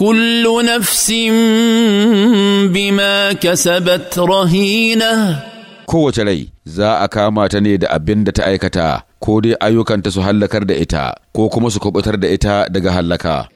Kullu نفس بما كسبت kowace rai za a kama ta ne da abin da ta aikata ko dai ayyukanta su hallakar da ita ko kuma su kwabatar da ita daga hallaka